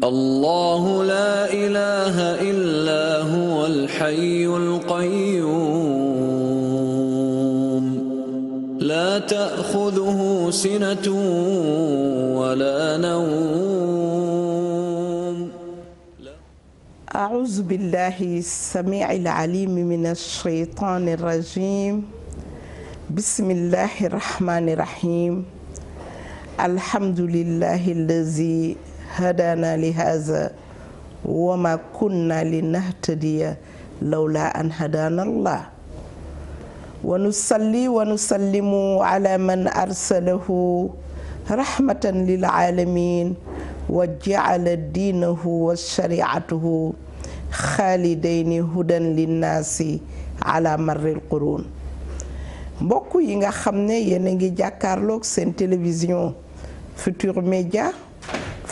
الله لا إله إلا هو الحي القيوم لا تأخذه سنة ولا نوم أعوذ بالله السميع العليم من الشيطان الرجيم بسم الله الرحمن الرحيم الحمد لله الذي hadaana li haza wa ma kunna li nahtadiya lawla an hadaana allah wa nusalli wa nusallimu ala man arsalahu rahmatan lil alamin wa jacala diinahu wa shari'atahu xaalidayni hudan linnaasi ala marril quruun mbokk yi nga xam ne yéen a ngi jàkkaarloog seen télévision Futurs Médias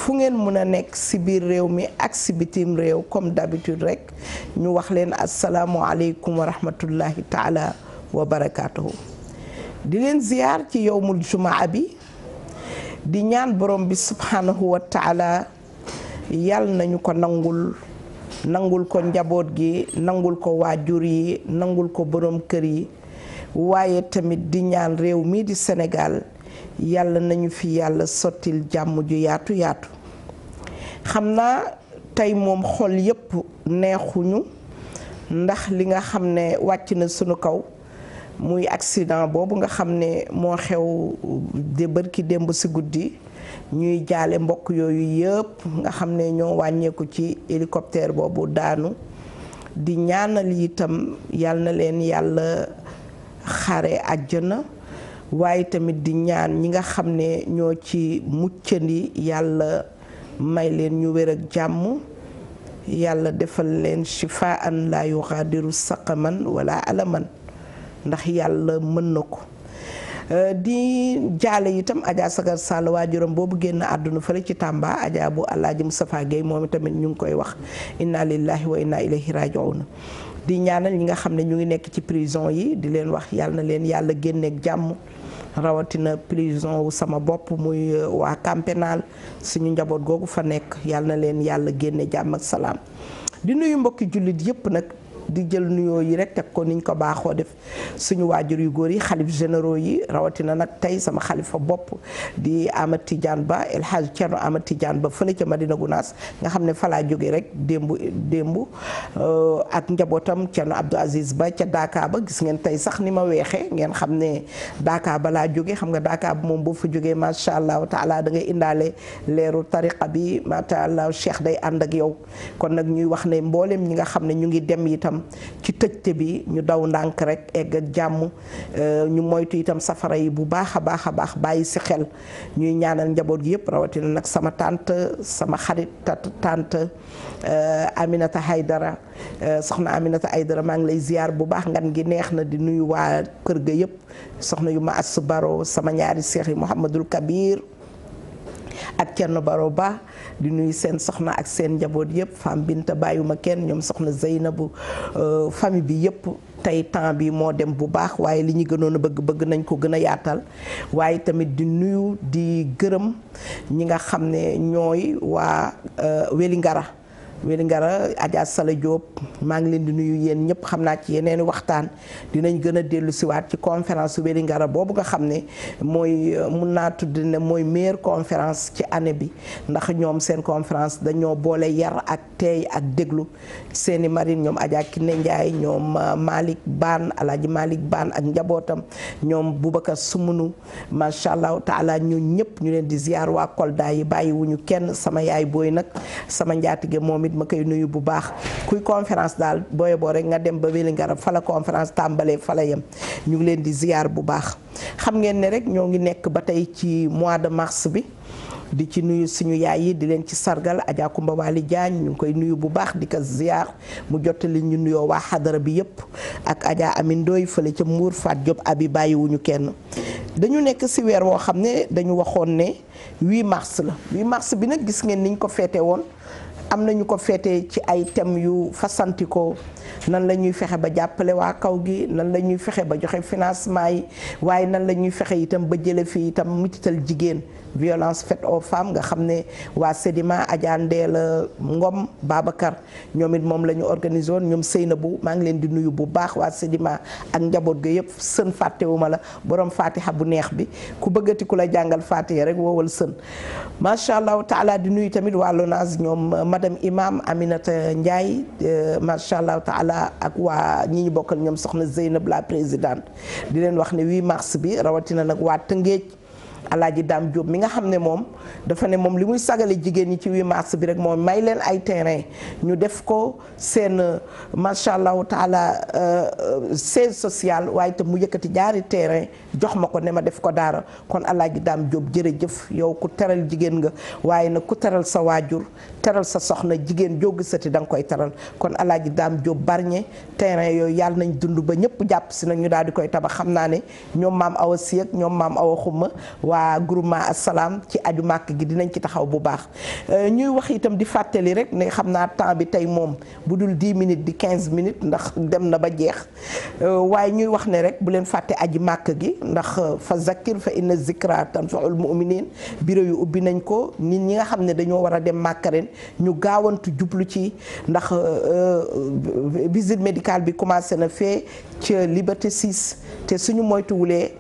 fu ngeen mën a nekk si biir réew mi ak si bitim réew comme d'habitude rek ñu wax leen asalaamualeykum wa rahmatullahi taala wa barakaatuhu di leen ziyaar ci yowmul jumaa bi di ñaan borom bi subhanahu wa taala yàll nañu ko nangul nangul ko njaboot gi nangul ko waajur yi nangul ko borom kër yi waaye tamit di ñaan réew mii di Sénégal yàlla nañu fi yàlla sottil jàmm ju yaatu yaatu xam naa tey moom xol yépp neexuñu ndax li nga xam ne wàcc na sunu kaw muy accident boobu nga xam ne moo xew de bërki démb si guddi ñuy jaale mbokk yooyu yépp nga xam ne ñoo wàññeeku ci hélicoptère boobu daanu di ñaanal itam yal na leen yàlla xare àjjana waaye tamit di ñaan ñi nga xam ne ñoo ci muccandi yàlla may leen ñu wér ak jàmm yàlla defal leen shifaan laa yuxaadiru saqaman wala alaman ndax yàlla mën na ko euh, di jaale itam Adja Sagar Sall waajuram boobu génn àdduna fële ci Tamba Adja bu Alaaji Moustapha Guèye moom tamit ñu ngi koy wax inna lillahi wa inna ilayhi raji'un di ñaanal ñi nga xam ne ñu ngi nekk ci prison yi di leen wax yàlla na leen yàlla génneeg jàmm rawatina prison wu sama bopp muy euh, waa camp pénal suñu njaboot googu fa nekk yàlla na leen yàlla génne jàmm ak salaam di nuyu mbokki jullit yépp nag di jël nuyoo yi rek teg ko niñ ko baaxoo def suñu waajur yu góor yi xalif généraux yi rawatina nag tey sama xalifa bopp di Amat Tidiane Ba El Hadj Thierno Amat Tidiane Ba fële Madina Gounass nga xam ne falaa jóge rek démb démb euh, ak njabootam Thierno Abdou Aziz Ba ca Daaka ba gis ngeen tey sax ni ma weexee ngeen xam ne daakaa ba laa jóge xam nga daakaa ba moom boo fa jógee macha allah taala da ngay indaale leeru tariqa bi macha allah cheikh day ànd ak yow kon nag ñuy wax ne mboolem ñi nga xam ne ñu ngi dem itam ci tëjte bi ñu daw ndànk rek egg ak jàmm euh, ñu moytu itam safara yi bu baax a baax a baax bàyyi si xel ñuy ñaanal njaboot gi yëpp rawatina nag sama tànt sama xarit tante euh, Aminata Haydara euh, soxna Aminata Haydara maa ngi lay ziar bu baax ngan ngi neex na di nuyu waa kër ga yëpp soxna yu ma as baro sama ñaari seex yi Mouhamadul Kabir ak kenn Baro Ba di nuyu seen soxna ak seen njaboot yëpp femme Binta bàyyuma kenn ñoom soxna Zeynabu euh, famille bi yëpp tey temps bi moo dem bu baax waaye li ñu gënoon a bëgg bëgg nañ ko gën a yaatal waaye tamit di nuyu di gërëm ñi nga xam ne ñooy waa euh, Weli Ngara Wélingara Adja Sala Diop maa ngi leen di nuyu yéen ñëpp xam naa ci yeneen waxtaan dinañ gën a dellu siwaat ci conférence Wélingara boobu nga xam ne mooy mun naa tudd ne mooy meilleure conférence ci année bi ndax ñoom seen conférence dañoo boole yar ak teey ak déglu seeni marine ñoom Adja Kiné Ndiaye ñoom euh, Malick Baan Alaaji Malick Baan ak njabootam ñoom su Sumunu macha allah taala ñu ñëpp ñu leen di ziar waa Kolda yi bàyyiwuñu kenn sama yaay booy nag sama njaatige it ma koy nuyu bu baax kuy conférence daal booye boo rek nga dem ba weli ngarab fa la conférence tàmbalee fa la yem ñu ngi leen di ziyaar bu baax xam ngeen ne rek ñoo ngi nekk ba tey ci mois de mars bi di ci nuyu suñu yaay yi di leen ci sargal Adja Kumba Waly Diagne ñu ngi koy nuyu bu baax di ko ziar mu jottali ñu nuyoo waa xadara bi yëpp ak Adja Amin Ndoy fële ca Mbuur Faat abi bàyyiwuñu kenn dañu nekk si weer woo xam ne dañu waxoon ne 8 mars la 8 mars bi nag gis ngeen niñ ko feete woon am nañu ko féete ci ay thèmes yu fasantikoo nan la ñuy fexe ba jàppale waa kaw gi nan la ñuy fexe ba joxe financement yi waaye nan la ñuy fexe itam ba jële fii itam mitital jigéen violence faite aux femmes nga xam ne waa Sédima Adja Ndeela Ngom Babacar ñoom it moom la ñu organisé woon ñoom bu maa ngi leen di nuyu bu baax waa Sédima ak njaboot ga yëpp sën fàttewuma la borom fatiha bu neex bi ku bëggati ku la jàngal fatiha rek woowal sën macha allah taala di nuyu tamit waa LONASE ñoom euh, madame imam Aminata Ndiaye euh, macha allah taala ak waa ñi ñu bokkal ñoom soxna Zeynab la présidente di leen wax ne mars bi rawatina nag waa alaaji daam Diop mi nga xam ne moom dafa ne moom li muy sagale jigéen ñi ci 8 mars bi rek moom may leen ay terrain ñu def ko seen macha allahu taala euh, euh, siège social waaye te mu yëkkati jaari terrain jox ma ko ne ma def ko daara kon alaaji daam Jóob jëf yow ku teral jigéen nga waaye nag ku teral sa waajur teral sa soxna jigéen jóg sa da danga koy teral kon alaaji daam Jóob barñe terrain yooyu yàlla nañ dund ba ñëpp jàpp si nag ñu daal di koy tabax xam naa ne ñoom maam awa siyeg ñoom maam awa xumma waa groupement asalaam ci aju màkk gi dinañ ci taxaw bu baax euh, ñuy wax itam di fàttali rek ne xam naa temps bi tey moom bu dul 10 minutes di 15 minutes ndax dem na ba jeex euh, waaye ñuy wax ne rek bu leen fàtte aji màkk gi ndax euh, fa zakir fa inna zikra tanfaul muminin bureau yu ubbi nañ ko nit ñi nga xam ne dañoo war a dem màkkaren ñu gaawantu jublu ci ndax euh, euh, visite médical bi commencé na fee ca Liberté 6 te suñu moytuwulee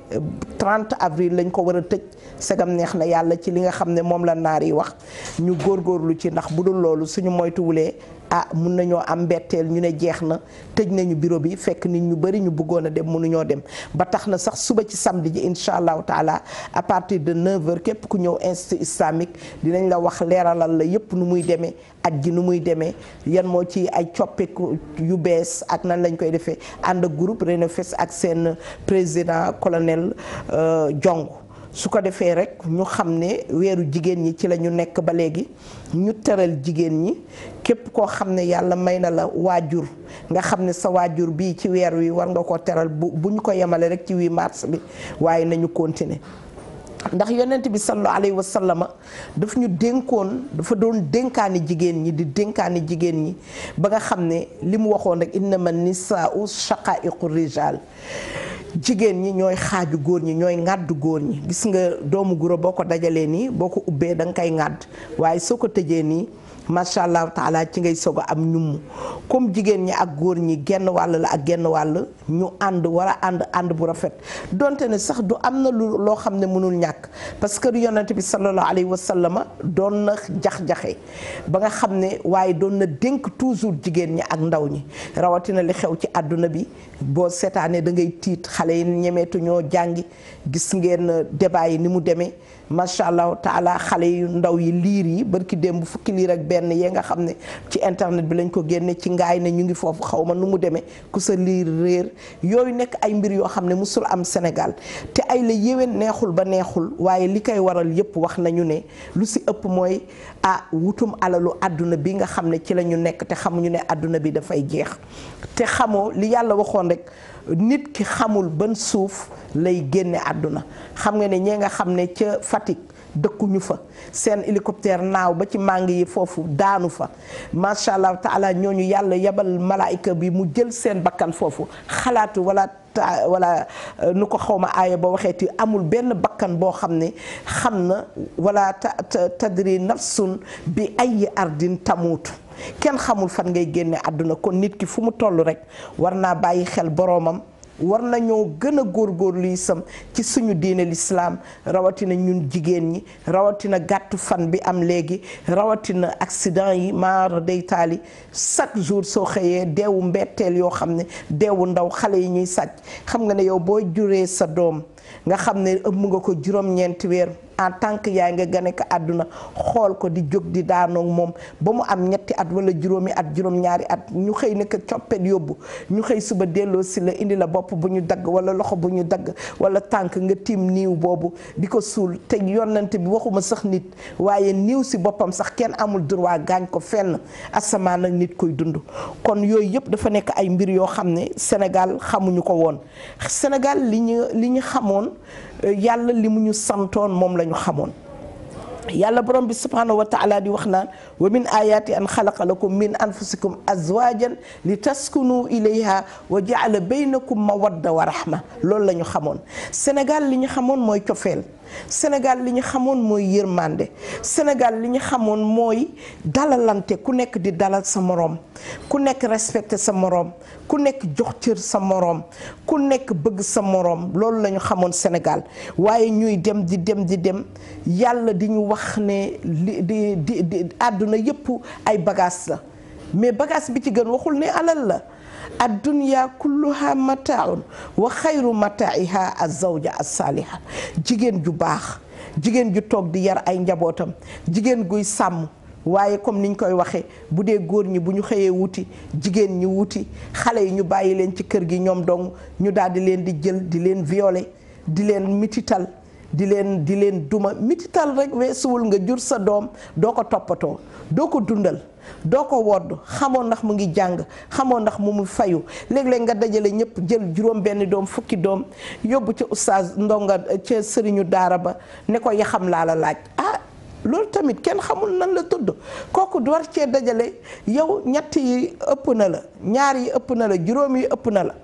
trente avril lañ ko war a tëj segam neex na yàlla ci li nga xam ne moom la naar yi wax ñu góor góorgóorlu ci ndax bu dul loolu suñu moytuwulee ah mun nañoo am mbetteel ñu ne jeex na tëj nañu bureau bi fekk nit ñu bëri ñu bëggoon a dem mënuñoo dem ba tax na sax suba ci samedi ji incha allah taala à partir de 9h képp ku ñëw institut islamique dinañ la wax leeralal la yëpp nu muy demee at ji nu muy demee yan moo ci ay coppeeku yu bees ak nan lañ koy defee ànd ak groupe Renefes ak seen président colonel euh, jong su ko defee rek ñu xam ne weeru jigéen ñi ci la ñu nekk ba léegi ñu teral jigéen ñi képp koo xam ne yàlla may na la waajur nga xam ne sa waajur bi ci weer wi war nga ko teral bu ñu ko yemale rek ci wii mars bi waaye nañu continuer ndax yonent bi sallallahu alayhi wa sallama daf ñu dénkoon dafa doon dénkaani jigéen ñi di dénkaani jigéen ñi ba nga xam ne li mu waxoon indi rek innama nisaau shaqaiqu rijal jigéen ñi ñooy xaaju góor ñi ñooy ŋàdd góor ñi gis nga doomu guro boo ko dajalee nii boo ko ubbee da nga koy ŋàdd waaye soo ko tëjee nii macha allah taala ci ngay soog am ñum comme jigéen ñi ak góor ñi genn wàll la ak genn wàll ñu ànd war a ànd ànd bu rafet donte ne sax du am na lu loo xam ne mënul ñàkk parce que yonent bi sallallahu alayhi wa sallama doon na jax-jaxe ba nga xam ne waaye doon na dénk toujours jigéen ñi ak ndaw ñi rawatina li xew ci àdduna bi boo seetaanee da ngay tiit xale yi ñemeetu ñoo jàngi gis ngeen débat yi ni mu demee macha allah taala xale yu ndaw yi liir yi barki démb fukki yenn yee nga xam ne ci internet bi lañ ko génne ci ngaay ne ñu ngi foofu xaw ma nu mu demee ku sa liir réer yooyu nekk ay mbir yoo xam ne musul am Sénégal te ay la yéwén neexul ba neexul waaye li koy waral yépp wax nañu ne lu si ëpp mooy ah wutum alalu àdduna bi nga xam ne ci la ñu nekk te xamuñu ne àdduna bi dafay jeex te xamoo li yàlla waxoon rek nit ki xamul ban suuf lay génne àdduna xam nga ne ñee nga xam ne ca Fatick dëkkuñu fa seen hélicoptère naaw ba ci màng yi foofu daanu fa macha allah taala ñooñu yàlla yebal malaayika bi mu jël seen bakkan foofu xalaatu wala ta wala euh, nu ko xawma aaya ba ti amul benn bakkan boo xam ne xam na wala ta tadri nafsun bi ay ardin tamuutu kenn xamul fan ngay génne àdduna kon nit ki fu mu toll rek war naa bàyyi xel boroomam war nañoo gën a góorgóorlu sam ci suñu diine lislaam rawatina ñun jigéen ñi rawatina gàttu fan bi am léegi rawatina accident yi maar day taali chaque jour soo xëyee deewu mbetteel yoo xam ne deewu ndaw xale yi ñuy sàcc xam nga ne yow boo juree sa doom nga xam ne ëmb nga ko juróom-ñeenti weer en tant que yaay nga gane àdduna xool ko di jóg di daanoog moom ba mu am ñetti at wala juróomi at juróom-ñaari at ñu xëy na ko coppet yóbbu ñu xëy suba delloo si la indi la bopp bu ñu dagg wala loxo bu ñu dagg wala tànk nga tiim niiw boobu di ko suul te yonante bi waxuma sax nit waaye niiw si boppam sax kenn amul droit gaañ ko fenn asamaan ak nit kuy dund kon yooyu yëpp dafa nekk ay mbir yoo xam ne Sénégal xamuñu ko woon Sénégal li ñu li ñu xamoon yàlla li mu ñu santoon moom lañu xamoon yàlla borom bi subhaanahu wa di wax naan wa min ayaati an xalaqa lakum min anfusikum azwajan li taskunu ilayha wa jaala baynakum mawadda wa rahma loolu lañu xamoon Sénégal li ñu xamoon mooy cofeel Sénégal li ñu xamoon mooy yërmande Sénégal li ñu xamoon mooy dalalante ku nekk di dalal sa moroom ku nekk respecté sa moroom ku nekk jox cër sa moroom ku nekk bëgg sa moroom loolu lañu xamoon Sénégal waaye ñuy dem di dem di dem yàlla di ñu wax ne li di di àdduna yépp ay bagages la mais bagage bi ci gën waxul ni alal la addunya kulluha mataaun wa xayru mataa'iha azawja assaaliha jigéen ju baax jigéen ju toog di yar ay njabootam jigéen guy sàmm waaye comme niñ koy waxee bu dee góor ñi bu ñu xëyee wuti jigéen ñi wuti xale yi ñu bàyyi leen ci kër gi ñoom dong ñu daal di leen di jël di leen violer di leen mitital di leen di leen duma mitital rek weesuwul nga jur sa doom doo ko toppatoo doo ko dundal doo ko wodd xamoo ndax mu ngi jàng xamoo ndax mu mu fayu léeg-léeg nga dajale ñëpp jël juróom benn doom fukki doom yóbbu ca oustaz ndongo ca sëriñu daara ba ne ko yaxam laa la laaj ah loolu tamit kenn xamul nan la tudd kooku war cee dajale yow ñett yi ëpp na la ñaar yi ëpp na la juróom yi ëpp na la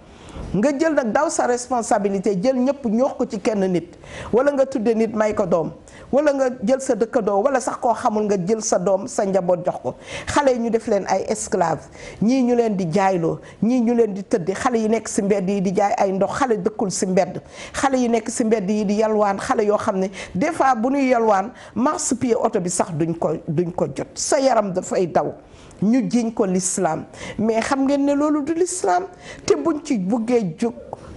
nga jël nag daw sa responsabilité jël ñëpp ñoox ko ci kenn nit wala nga tudde nit may ko doom wala nga jël sa dëkkandoo wala sax xamul nga jël sa doom sa njaboot jox ko xale yi ñu def leen ay esclave ñii ñu leen di jaayloo ñii ñu leen di tëddi xale yi nekk si mbedd yi di jaay ay ndox xale dëkkul si mbedd xale yi nekk si mbedd yi di yalwaan xale yoo xam ne des fois bu ñuy yalwaan marchepied oto bi sax duñ ko duñ ko jot sa yaram dafay daw ñu jiñ ko lislaam mais xam ngeen ne loolu du l'islam te buñ ci buggee jóg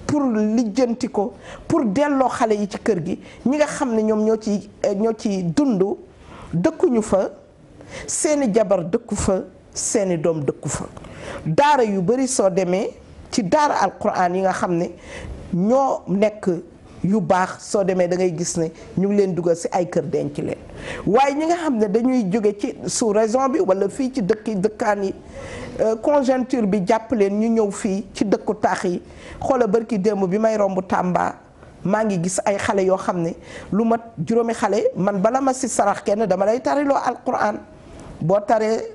pour lijjanti ko pour delloo xale yi ci kër gi ñi nga xam ne ñoom ñoo ci ñoo ci dund dëkkuñu fa seeni jabar dëkku fa seeni doom dëkku fa daara yu bari soo demee ci daara alquran yi nga xam ne ñoo nekk yu baax soo demee da ngay gis ne ñu ngi leen dugal si ay kër denc leen waaye ñi nga xam ne dañuy jóge ci sous raison bi wala fii ci dëkk dëkkaan yi euh, conjoncture bi jàpp leen ñu ñëw fii ci dëkku taax yi xoola bërki démb bi may romb Tamba maa ngi gis ay xale yoo xam ne lu mat juróomi xale man bala ma si sarax kenn dama lay tariloo alquran boo taree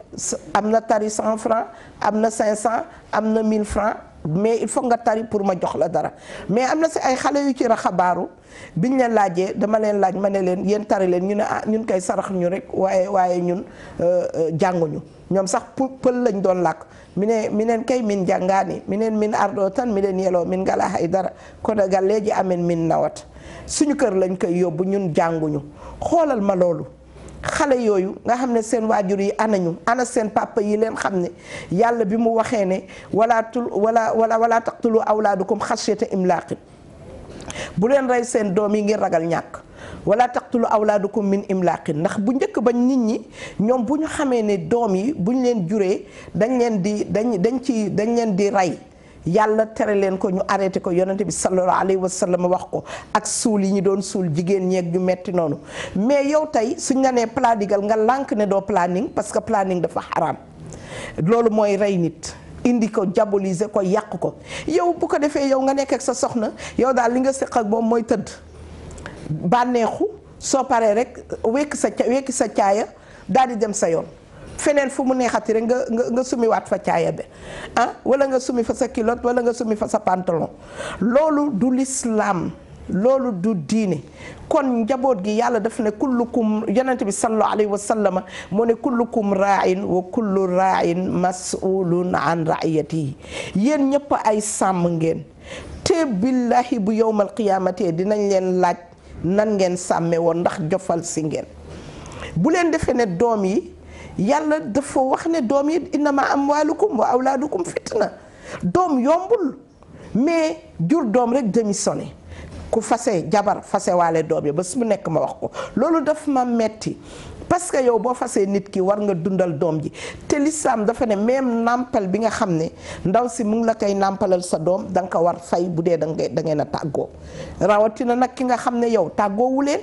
am na tari 100 francs am na 500 am na 1000 francs mais il foog nga tari pour ma jox la dara mais am na si ay xale yu ci raxabaaru biñ la laajee dama leen laaj ma ne leen yéen tari leen ñu ne ah ñun koy sarax ñu rek waaye waaye ñun euh, euh, jànguñu ñoom sax pël lañ doon làkk mi ne mi neen kay min jàngaani mi neen min ardoo tan mi leen yeloo min ngala hay dara ko daga léegi amen min nawat suñu kër lañ koy yóbbu ñun jànguñu xoolal ma loolu xale yooyu nga xam ne seen waajur yi anañu ana seen papa yi leen xam ne yàlla bi mu waxee ne wala tul wala wala wala taqtulu awlaadukum xashyata imlaaqin bu leen rey seen doom yi ngir ragal ñàkk wala taqtulu awlaadukum min imlaaqin ndax bu njëkk ba nit ñi ñoom bu ñu xamee ne doom yi bu ñu leen juree dañ leen di dañ dañ ci dañ leen di rey yàlla tere leen ko ñu arrêté ko yonante bi sallallahu alayhi wa sallam wax ko ak suul yi ñu doon suul jigéen ñeeg ñu metti noonu mais yow tey suñ la nee pladigal nga lànk ne doo planning parce que planning dafa xaraam loolu mooy rey nit indi ko diaboliser ko yàq ko yow bu ko defee yow nga nekk ak sa soxna yow daal li nga sëq ak moom mooy tëdd bànneexu soo paree rek wekki sa wekki sa caaya daal di dem sa yoon feneen fu mu neexati rek nga nga nga sumiwaat fa caaya be ah wala nga sumi fa sa kilote wala nga sumi fa sa pantalon loolu du lislaam loolu du diine kon njaboot gi yàlla daf ne kullukum yonent bi sallallahu alayhi wa sallama moo ne kullukum raain wa kullu raain masulun an raiyatihi yéen ñëpp ay sàmm ngeen te billahi bu yowmal qiyaamate dinañ leen laaj nan ngeen sàmme woon ndax jofal si ngeen bu leen defee ne doom yi yàlla dafa wax ne doom yi innama amwaalukum wa awlaadukum fitna doom yombul mais jur doom rek demi sonné ku fase jabar fase waale doom yi ba su mu nekk ma wax ko loolu daf ma metti parce que yow boo fasee nit ki war nga dundal doom ji te lislaam dafa ne même nàmpal bi nga xam ne ndaw si mu ngi la koy nàmpalal sa doom da nga ko war fay bu dee da da ngeen a tàggoo rawatina nag ki nga xam ne yow tàggoowu leen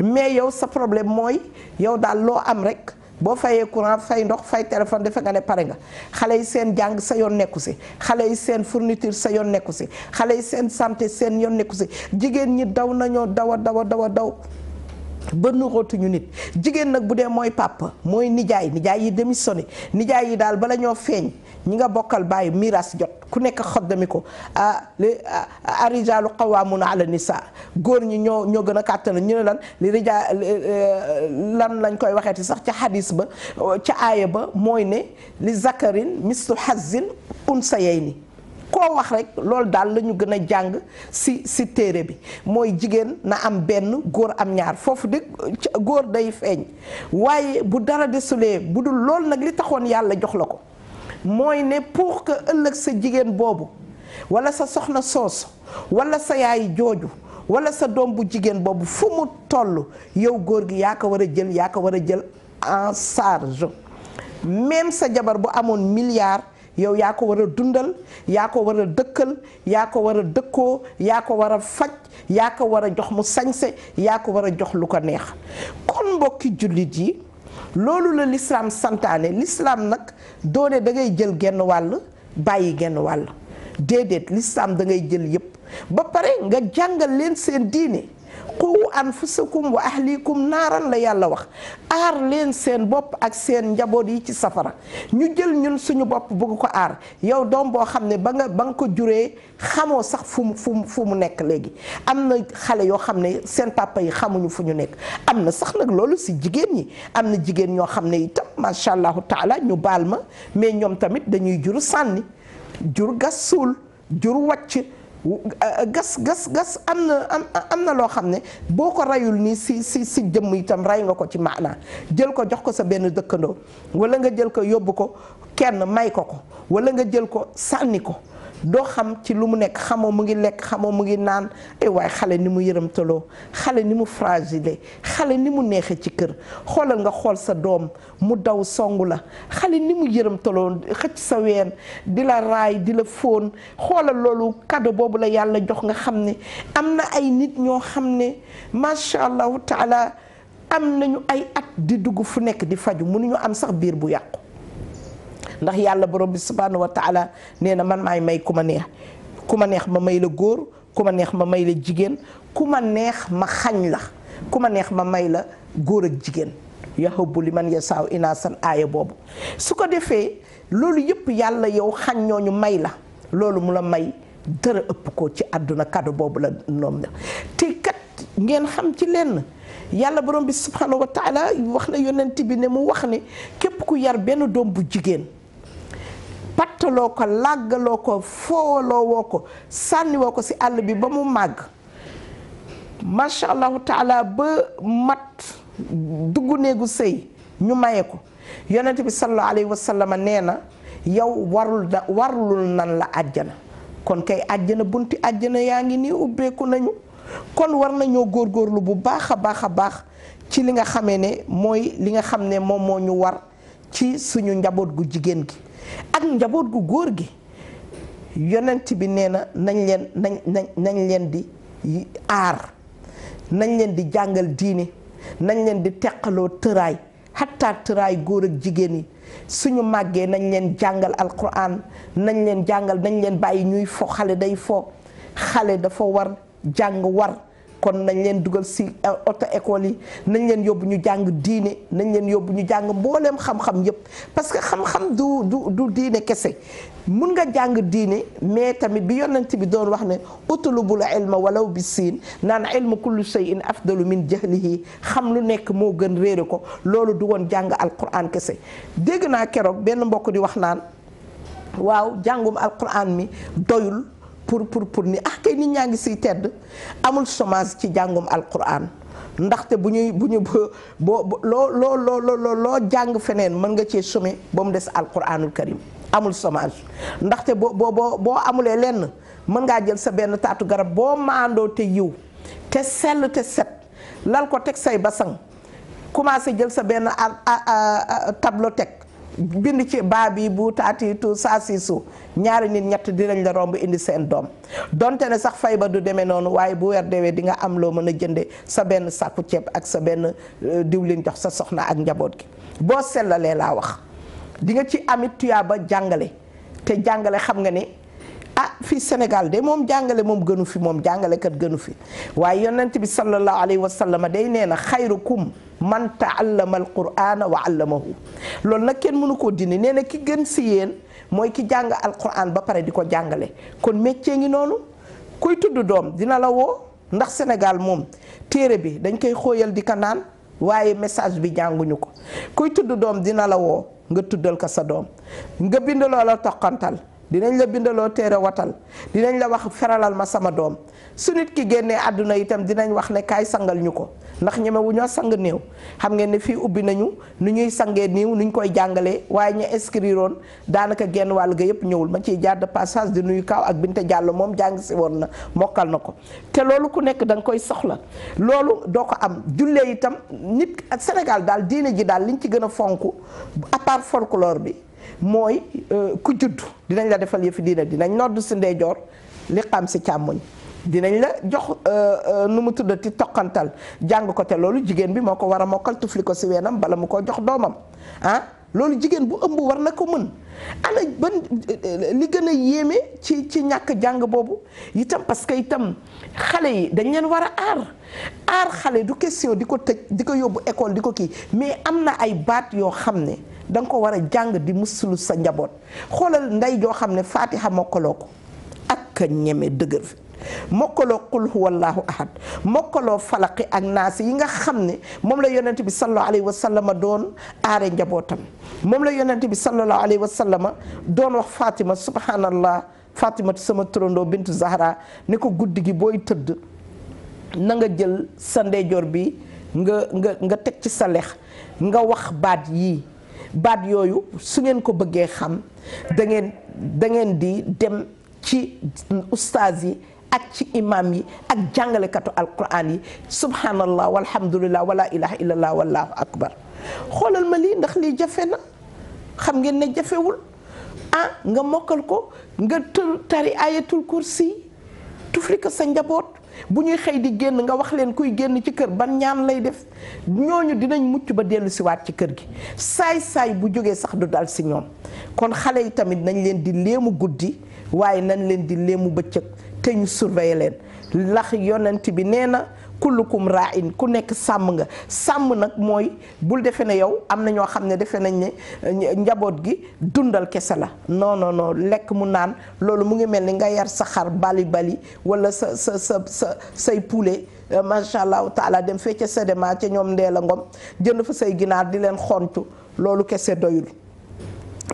mais yow sa problème mooy yow daal loo am rek boo fayee courant fay ndox fay téléphone defe nga ne pare nga xale yi seen jàng sa yoon nekku si xale yi seen fourniture sa yoon nekku si xale yi seen santé seen yoon nekku si jigéen ñi daw nañoo dawa dawa dawa daw ba nuróotuñu nit jigéen nag bu dee mooy papa mooy nijaay nijaay yi démissionné nijaay yi daal bala ñoo feeñ ñi nga bokkal bàyyi miiras jot ku nekk xoddami ko ah li arijaalu qawaamuuna ala nisaa góor ñi ñoo ñoo gën a kàttan ñu ne lan li rija lan lañ koy waxeeti sax ca xadis ba ca aaya ba mooy ne li zakarin mislu hazin ni koo wax rek loolu daal lañu gën a jàng si si téere bi mooy jigéen na am benn góor am ñaar foofu de góor day feeñ waaye bu dara desulee bu dul lool nag li taxoon yàlla jox la ko mooy ne pour que ëllëg sa jigéen boobu wala sa soxna soos wala sa yaay jooju wala sa doom bu jigéen boobu fu mu toll yow góor gi yaa ko war a jël yaa ko war a jël en charge même sa jabar bu amoon milliard yow yaa ko war a dundal yaa ko war a dëkkal yaa ko war a dëkkoo yaa ko war a faj yaa ko war a jox mu sañse yaa ko war a jox lu ko neex kon mbokki jullit yi loolu la l'islam santaane l'islam nag doone da ngay jël genn wàll bàyyi genn wàll déedéet l'islam da ngay jël yépp ba pare nga jàngal leen seen diine qu anfusakum wa ahlikum naaran la yàlla wax aar leen seen bopp ak seen njaboot yi ci safara ñu jël ñun suñu bopp bëgg ko aar yow doom boo xam ne ba nga ba nga ko juree xamoo sax fu mu mu nekk léegi am na xale yoo xam ne seen papa yi xamuñu fu ñu nekk am na sax nag loolu si jigéen ñi am na jigéen ñoo xam ne itam macha allahu taala ñu baal ma mais ñoom tamit dañuy jur sànni jur gas suul jur wàcc gas gas gas am na am na loo xam ne boo ko reyul nii si si si jëmm itam ray nga ko ci maanaa jël ko jox ko sa benn dëkkandoo wala nga jël ko yóbbu ko kenn may ko ko wala nga jël ko sànni ko doo xam ci lu mu nekk xamoo mu ngi lekk xamoo mu ngi naan ay eh waaye xale ni mu yërëmtaloo xale ni mu fragile xale ni mu neexee ci kër xoolal nga xool sa doom mu daw songu la xale ni mu yërëmtaloo xëcc sa ween di la raay di la foon xoolal loolu cadeau boobu la yàlla jox nga xam ne am na ay nit ñoo xam ne macha allahu taala am nañu ay at di dugg fu nekk di faju mënuñu am sax biir bu yàqu ndax yàlla borom bi subhanahu wa taala nee na man maay may ku ma neex ku ma neex ma may la góor ku ma neex ma may la jigéen ku ma neex ma xañ la ku ma neex ma may la góor ak jigéen yahabu li man ya yasaaw inaasan aaya boobu su ko defee loolu yëpp yàlla yow xañ ñoo ñu may la loolu mu la may dara ëpp ko ci àdduna kàddu boobu la noom la te kat ngeen xam ci lenn yàlla borom bi subhanahu wa taala wax na yonent bi ne mu wax ne képp ku yar benn doom bu jigéen pattaloo ko làggaloo ko foowaloo woo ko sànniwoo ko si àll bi ba mu màgg macha allahu taala ba mat dugg néegu sëy ñu maye ko yonent bi sallallahu alayhi wa sallam nee na yow warul da warlul nan la àjjana kon kay àjjana bunti àjjana yaa ngi nii ubbeeku nañu kon war nañoo góor góorlu bu baax a baax a baax ci li nga xamee ne mooy li nga xam ne moom moo ñu war ci suñu njaboot gu jigéen gi ak njaboot gu góor gi yonent bi nee na nañ leen nañ leen di aar nañ leen di jàngal diine nañ leen di teqaloo tëraay xataa tëraay góor ak jigéen yi suñu màggee nañ leen jàngal alquran nañ leen jàngal nañ leen bàyyi ñuy fo xale day fo xale dafa war jàng war kon nañ leen dugal si euh, auto école yi nañ leen yóbbu ñu jàng diine nañ leen yóbbu ñu jàng mbooleem xam-xam yépp parce que xam-xam du du du diine kese mun nga jàng diine mais tamit bi yonent bi doon wax ne utlubul ilma walaw bi siin naan ilmu kullu shay'in afdalu min jahlihi xam lu nekk moo gën réere ko loolu du woon jàng alquran kese dégg naa keroog benn mbokk di wax naan waaw jàngum alquran mi doyul pour pour pour ni ah kay nit ñaa ngi siy tedd amul chômage ci jàngum alquran ndaxte bu ñuy bu ñu boo loo loo loo loo loo jàng feneen mën nga cee chômer ba mu des alquranul karim amul somage ndaxte boo bo bo boo amulee lenn mën ngaa jël sa benn taatu garab boo maandoo te yiw te sell te set lal ko teg say basang commencé jël sa benn tableau teg bind ci baa bi bu taatiitu saa siisu ñaari nit ñett dinañ la romb indi seen doom donte ne sax fay ba du demee noonu waaye bu weer deewee dinga am loo mën a jënde sa benn sàkku ceeb ak sa benn euh, diwlin jox sa soxna ak njaboot gi boo sellalee laa wax di nga ci amit tuyaa ba jàngale te jàngale xam nga ni ah fii Sénégal de moom jàngale moom gënu fi moom jàngalekat gënu fi waaye yonent bi sallallahu alayhi wa sallam day nee na xayrukum man taallama alqur'ana wa allamahu loolu nag kenn mënu koo dindi nee na ki gën si yéen mooy ki jàng alqur'an ba pare di ko jàngale kon métier ngi noonu kuy tudd doom dina la woo ndax Sénégal moom téere bi dañ koy xooyal di ko naan waaye message bi jànguñu ko kuy tudd doom dina la woo nga tuddal ko sa doom nga bind loola toqantal dinañ la bindaloo téere watal dinañ la wax feralal ma sama doom su nit ki génnee àdduna itam dinañ wax ne kaay sangal ñu ko ndax ñemewu ñoo sang néew xam ngeen ne fii ubbi nañu nu ñuy sangee néew nu ñu koy jàngalee waaye ñu inscrire woon daanaka genn wàll ga yëpp ñëwul ma ciy jaar de passage di nuyu kaaw ak Binte jàll moom jàng si woon na mokkal na ko te loolu ku nekk da koy soxla loolu doo ko am jullee itam nit Sénégal daal diine ji daal liñ ci gën a fonk à part folklore bi mooy euh, ku judd dinañ la defal yëfi diine dinañ nodd si ndeyjoor li xam si càmmoñ dinañ la jox euh, euh, nu mu tuddati toqantal jàng ko te loolu jigéen bi moo ko war a mokkal tufli ko si weenam bala mu ko jox doomam ah loolu jigéen bu ëmb war na ko mën ana ban li gën a yéeme ci ci ñàkk jàng boobu itam parce que itam xale yi dañ leen war a aar xale du question di ko tëj di ko yóbbu école di ko kii mais am na ay baat yoo xam ne danga ko war a jàng di musulu sa njaboot xoolal ndey joo xam ne faatiha mokkaloo ko ak ñeme dëgër fi mokkaloo qul huwallahu ahad mokkaloo falaqi ak naas yi nga xam ne moom la yonent bi sallallahu alayhi wa sallama doon aare njabootam moom la yonent bi sallallahu alayhi wa sallama doon wax Fatima subhanallah Fatima sama turandoo bint Zahra ne ko guddi gi booy tëdd nanga jël sa ndeyjoor bi nga nga nga teg ci sa lex nga wax baat yii baat yooyu su ngeen ko bëggee xam dangeen dangeen di dem ci ustaas yi ak ci imam yi ak jàngalekatu alquran yi subhanallah walhamdulillah wala ilaha illallah wallahu akbar xoolal ma lii ndax lii jafe na xam ngeen ne jafewul ah nga mokkal ko nga tër tari ayatul kursi tufli ko sa njaboot bu ñuy xëy di génn nga wax leen kuy génn ci kër ban ñaan lay def ñooñu dinañ mucc ba dellu siwaat ci kër gi saay-saay bu jógee sax du dal si ñoom kon xale yi tamit nañ leen di léemu guddi waaye nañ leen di léemu bëccëg te ñu surveiller leen ndax yonent bi nee na kullukum in ku nekk sàmm nga sàmm nag mooy bul defee ne yow am na ñoo xam ne defe nañ ne njaboot gi dundal kese la non non non lekk mu naan loolu mu ngi mel ni nga yar sa xar bali bali wala sa sa sa sa say poulet euh, macha allahu taala dem fee ca sédément ca ñoom ndeel la ngom jënd fa say ginaar di leen xontu loolu kese doyul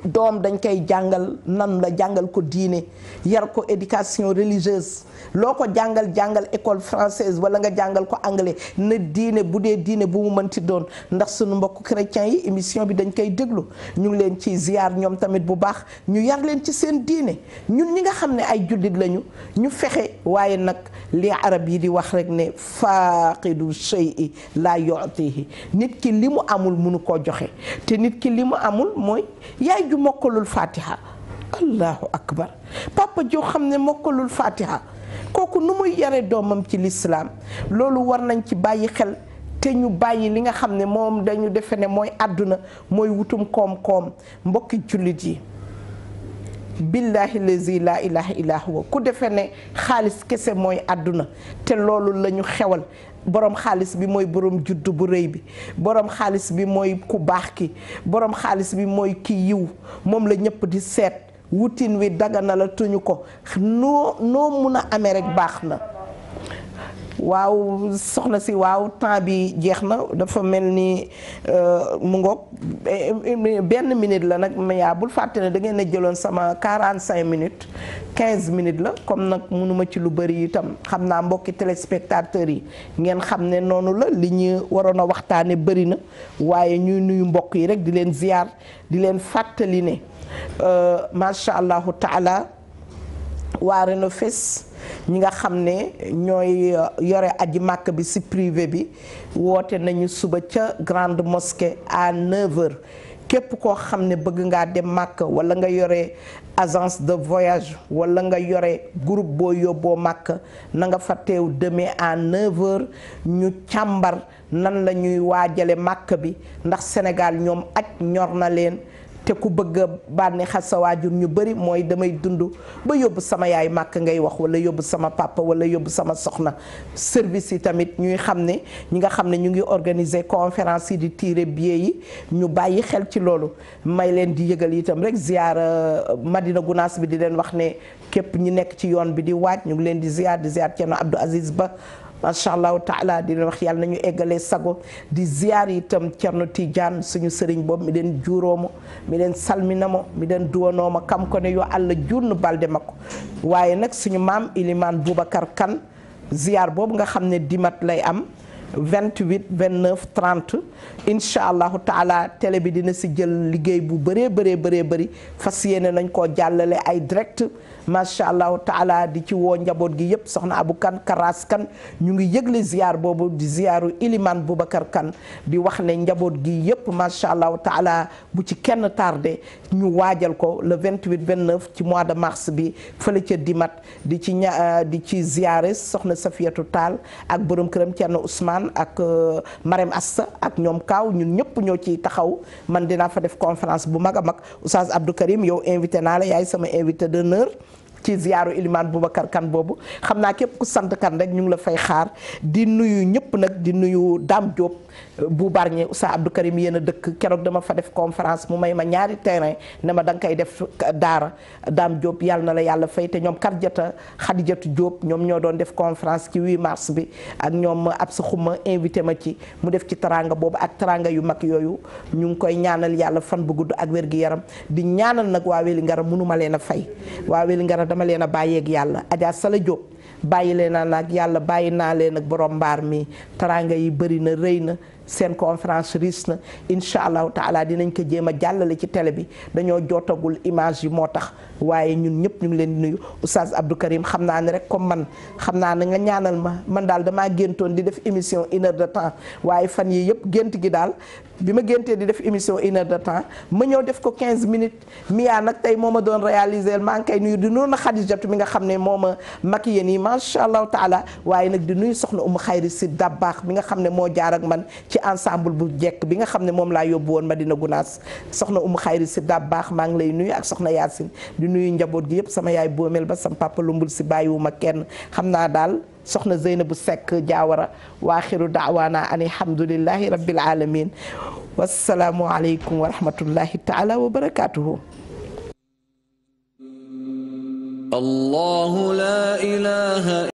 doom dañ koy jàngal nan la jàngal ko diine yar ko éducation religieuse loo ko jàngal jàngal école française wala nga jàngal ko anglais na diine bu dee diine bu mu mënti doon ndax suñu mbokku chrétien yi émission bi dañ koy déglu ñu ngi leen ci ziar ñoom tamit bu baax ñu yar leen ci seen diine ñun ñi nga xam ne ay jullit lañu ñu fexe waaye nag li arab yi di wax rek ne faaqidu shay'i laa yu'tihi nit ki li mu amul munu koo joxe te nit ki li mu amul mooy yaay ju mokkalul fatiha allahu akbar papa joo xam ne mokkalul fatiha kooku nu muy yare doomam ci lislaam loolu war nañ ci bàyyi xel te ñu bàyyi li nga xam ne moom dañu defe ne mooy àdduna mooy wutum koom-koom mbokki jullit yi billaahi lazi laa ilaaha illaa ku defe ne xaalis kese mooy àdduna te loolu lañu xewal borom xaalis bi mooy boroom juddu bu rëy bi boroom xaalis bi mooy ku baax ki boroom xaalis bi mooy kii yiw moom la ñëpp di seet wutin wi dagana la tuñu ko noo noo mun a amee rek baax na waaw soxna si waaw temps bi jeex na dafa mel ni euh, mu ngoog eh, benn minute la nag mais bul fàtte ne da ngeen a jëloon sama 45 minutes 15 minutes la comme nag mënuma ci lu bëri itam xam naa mbokki téléspectateurs yi ngeen xam ne noonu la li ñu waroon a waxtaane bëri na waaye ñuy nuyu mbokk yi rek di leen ziar di leen fàttali ne Euh, macha allahu taala na Renofis ñi nga xam ne ñooy euh, yore aji màkk bi ci privé bi woote nañu suba ca grande mosquée à 9 képp koo xam ne bëgg ngaa dem màkk wala nga yore agence de voyage wala nga yore groupe boo yóbboo màkk na nga fa teew demee à 9 ñu càmbar nan la ñuy waajale màkk bi ndax Sénégal ñoom aj ñor na leen. te ku bëgg a bànneexal sa waajur ñu bëri mooy damay dund ba yóbbu sama yaay màkk ngay wax wala yóbbu sama papa wala yóbbu sama soxna service yi tamit ñuy xam ne ñi nga xam ne ñu ngi organiser conférence yi di tiire billet yi ñu bàyyi xel ci loolu may leen di yëgal itam rek ziar euh, Madina Gunaas bi di leen wax ne képp ñi nekk ci yoon bi di waaj ñu ngi leen di ziar di ziar Ceerno Abdou Aziz Ba macha allahu taala di leen wax yàlla nañu eggalee sago di ziar itam Cerno Tijaan suñu sëriñ boobu mi den juróom mi den salminamo mi den duwanooma kam ko ne yo allah nu balde makko waaye nag suñu maam ilimaan Boubacar Kan ziar boobu nga xam ne dimat lay am 28 29 30 incha allahu taala télé bi dina si jël liggéey bu bëree bëree bëree bëri fas yéene nañ koo jàllale ay direct macha allahu taala di ci woo njaboot gi yëpp soxna Abu Kan Karaas Kan ñu ngi yëgle ziar boobu di ziaru Iliman Boubacar Kan di wax ne njaboot gi yëpp macha allahu taala bu ci kenn tarde ñu waajal ko le 28 29 ci mois de mars bi fële ca Dimat di ci ña euh, di ci ziare soxna Safiatou Tall ak borom këram Thierno Ousmane ak euh, Marem Assa ak ñoom Kaaw ñun ñëpp ñoo ciy taxaw man dinaa fa def conférence bu mag a mag Oustaz Abdou Karim yow invité naa la yaay sama invité d'honneur ci ziyaaru Ilimaan Boubacar Kane boobu xam naa képp ku sant kan rek ñu ngi la fay xaar di nuyu ñëpp nag di nuyu Dame jóob euh, bu barñe Oustaz Abdou Karim yéen a dëkk keroog dama fa def conférence mu may ma ñaari terrain ne ma danga nga koy def daara daam jóob yàlla na la yàlla fay te ñoom Karjata Xadijatu jóob ñoom ñoo doon def conférence ci 8 mars bi ak ñoom ab sa xuma invité ma ci mu def ci taranga boobu ak taranga yu mag yooyu ñu ngi koy ñaanal yàlla fan bu gudd ak wér gi yaram di ñaanal nag waa Ngara mënuma leen a fay dama leen a bàyyeeg yàlla Adja Sala Diop bàyyi leen a nag yàlla bàyyi naa leen ak borom mbaar mi taraanga yi bëri na rëy na seen conférence riis na incha allahu taala dinañ ko jéem a jàllale ci télé bi dañoo jootagul image yi moo tax waaye ñun ñëpp ñu ngi leen di nuyu oustaz Abdou Karim xam naa ne rek comme man xam naa ne nga ñaanal ma man daal damaa géntoon di def émission une de temps waaye fan yi yëpp gént gi daal bi ma géntee di def émission une de temps ma ñëw def ko 15 minutes miyaa nag tey moom ma doon réaliser maa ngi koy nuyu di nuyu na Xadijatu mi nga xam ne moo ma yéen yi macha allahu taala waaye nag di nuyu soxna Umu Xayri si dabbaax mi nga xam ne moo jaar ak ensemble bu jekk bi nga xam ne moom laa yóbbu woon Madina Gunaas soxna Umu Xayri si daa baax maa ngi lay nuyu ak soxna Yaasin di nuyu njaboot gi yëpp sama yaay boomel ba sama papa lumbul si wu ma kenn xam naa daal soxna Zeynabu Seck Jaawara waa xiru daawaana ani alhamdulillahi rabbil alamin wassalaamu aleykum wa rahmatullahi taala wa barakaatuhu